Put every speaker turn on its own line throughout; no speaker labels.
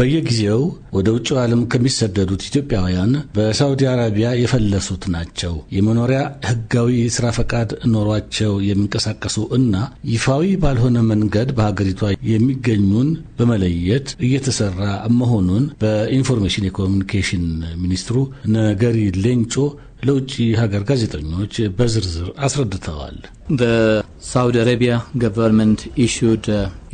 በየጊዜው ወደ ውጭው ዓለም ከሚሰደዱት ኢትዮጵያውያን በሳውዲ አረቢያ የፈለሱት ናቸው። የመኖሪያ ሕጋዊ የሥራ ፈቃድ ኖሯቸው የሚንቀሳቀሱ እና ይፋዊ ባልሆነ መንገድ በሀገሪቷ የሚገኙን በመለየት እየተሰራ መሆኑን በኢንፎርሜሽን የኮሚኒኬሽን ሚኒስትሩ ነገሪ ሌንጮ ለውጭ ሀገር ጋዜጠኞች በዝርዝር አስረድተዋል። በሳውዲ አረቢያ ገቨርንመንት ኢሹድ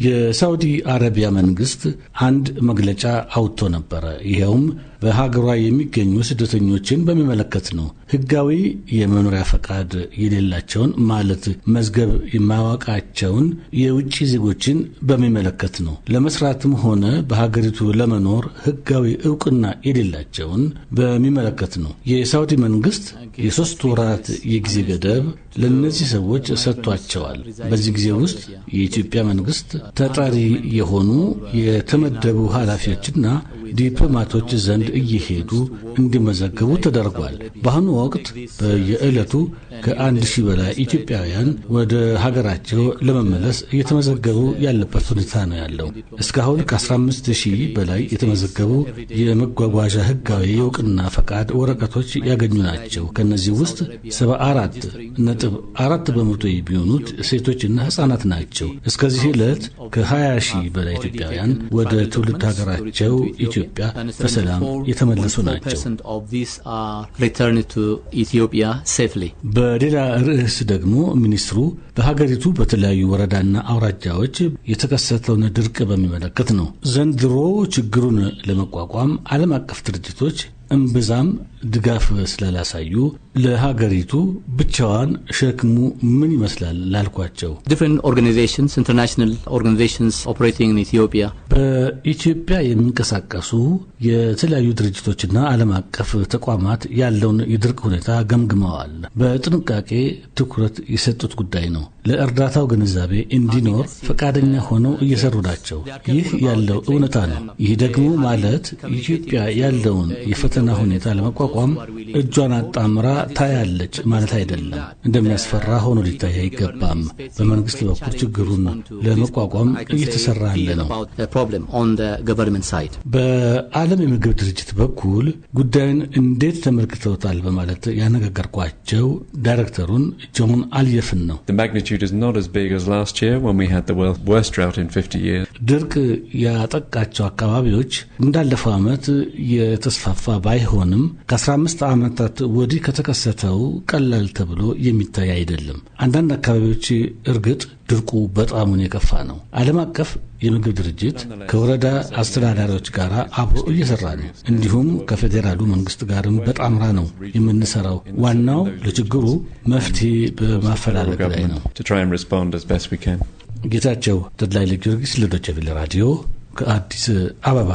የሳውዲ አረቢያ መንግስት አንድ መግለጫ አውጥቶ ነበረ። ይኸውም በሀገሯ የሚገኙ ስደተኞችን በሚመለከት ነው። ህጋዊ የመኖሪያ ፈቃድ የሌላቸውን ማለት መዝገብ የማያውቃቸውን የውጭ ዜጎችን በሚመለከት ነው። ለመስራትም ሆነ በሀገሪቱ ለመኖር ህጋዊ እውቅና የሌላቸውን በሚመለከት ነው። የሳውዲ መንግስት የሶስት ወራት የጊዜ ገደብ ለእነዚህ ሰዎች ሰጥቷቸዋል። በዚህ ጊዜ ውስጥ የኢትዮጵያ መንግስት ተጠሪ የሆኑ የተመደቡ ኃላፊዎችና ዲፕሎማቶች ዘንድ እየሄዱ እንዲመዘገቡ ተደርጓል። በአሁኑ ወቅት በየዕለቱ ከአንድ ሺህ በላይ ኢትዮጵያውያን ወደ ሀገራቸው ለመመለስ እየተመዘገቡ ያለበት ሁኔታ ነው ያለው። እስካሁን ከ15 ሺህ በላይ የተመዘገቡ የመጓጓዣ ህጋዊ የእውቅና ፈቃድ ወረቀቶች ያገኙ ናቸው። ከእነዚህ ውስጥ 74 ነጥብ አራት በመቶ የሚሆኑት ሴቶችና ህጻናት ናቸው። እስከዚህ ዕለት ከ20 ሺህ በላይ ኢትዮጵያውያን ወደ ትውልድ ሀገራቸው ኢትዮጵያ በሰላም የተመለሱ ናቸው። በሌላ ርዕስ ደግሞ ሚኒስትሩ በሀገሪቱ በተለያዩ ወረዳና አውራጃዎች የተከሰተውን ድርቅ በሚመለከት ነው። ዘንድሮ ችግሩን ለመቋቋም ዓለም አቀፍ ድርጅቶች እምብዛም ድጋፍ ስላላሳዩ ለሀገሪቱ ብቻዋን ሸክሙ ምን ይመስላል ላልኳቸው ዲፍረንት ኦርጋናይዜሽንስ ኢንተርናሽናል ኦርጋናይዜሽንስ ኦፕሬቲንግ ኢን ኢትዮጵያ በኢትዮጵያ የሚንቀሳቀሱ የተለያዩ ድርጅቶችና ዓለም አቀፍ ተቋማት ያለውን የድርቅ ሁኔታ ገምግመዋል። በጥንቃቄ ትኩረት የሰጡት ጉዳይ ነው። ለእርዳታው ግንዛቤ እንዲኖር ፈቃደኛ ሆነው እየሰሩ ናቸው። ይህ ያለው እውነታ ነው። ይህ ደግሞ ማለት ኢትዮጵያ ያለውን የፈተ የሙስና ሁኔታ ለመቋቋም እጇን አጣምራ ታያለች ማለት አይደለም። እንደሚያስፈራ ሆኖ ሊታይ አይገባም። በመንግስት በኩል ችግሩን ለመቋቋም እየተሰራ ያለ ነው። በዓለም የምግብ ድርጅት በኩል ጉዳዩን እንዴት ተመልክተውታል በማለት ያነጋገርኳቸው ዳይሬክተሩን ጆን አልየፍን ነው። ድርቅ ያጠቃቸው አካባቢዎች እንዳለፈው ዓመት የተስፋፋ ባይሆንም ከ15 ዓመታት ወዲህ ከተከሰተው ቀላል ተብሎ የሚታይ አይደለም። አንዳንድ አካባቢዎች እርግጥ ድርቁ በጣሙን የከፋ ነው። ዓለም አቀፍ የምግብ ድርጅት ከወረዳ አስተዳዳሪዎች ጋር አብሮ እየሰራ ነው። እንዲሁም ከፌዴራሉ መንግስት ጋርም በጣምራ ነው የምንሰራው። ዋናው ለችግሩ መፍትሄ በማፈላለግ ላይ ነው። ጌታቸው ተድላይ ለጊዮርጊስ ለዶቸቬለ ራዲዮ ከአዲስ አበባ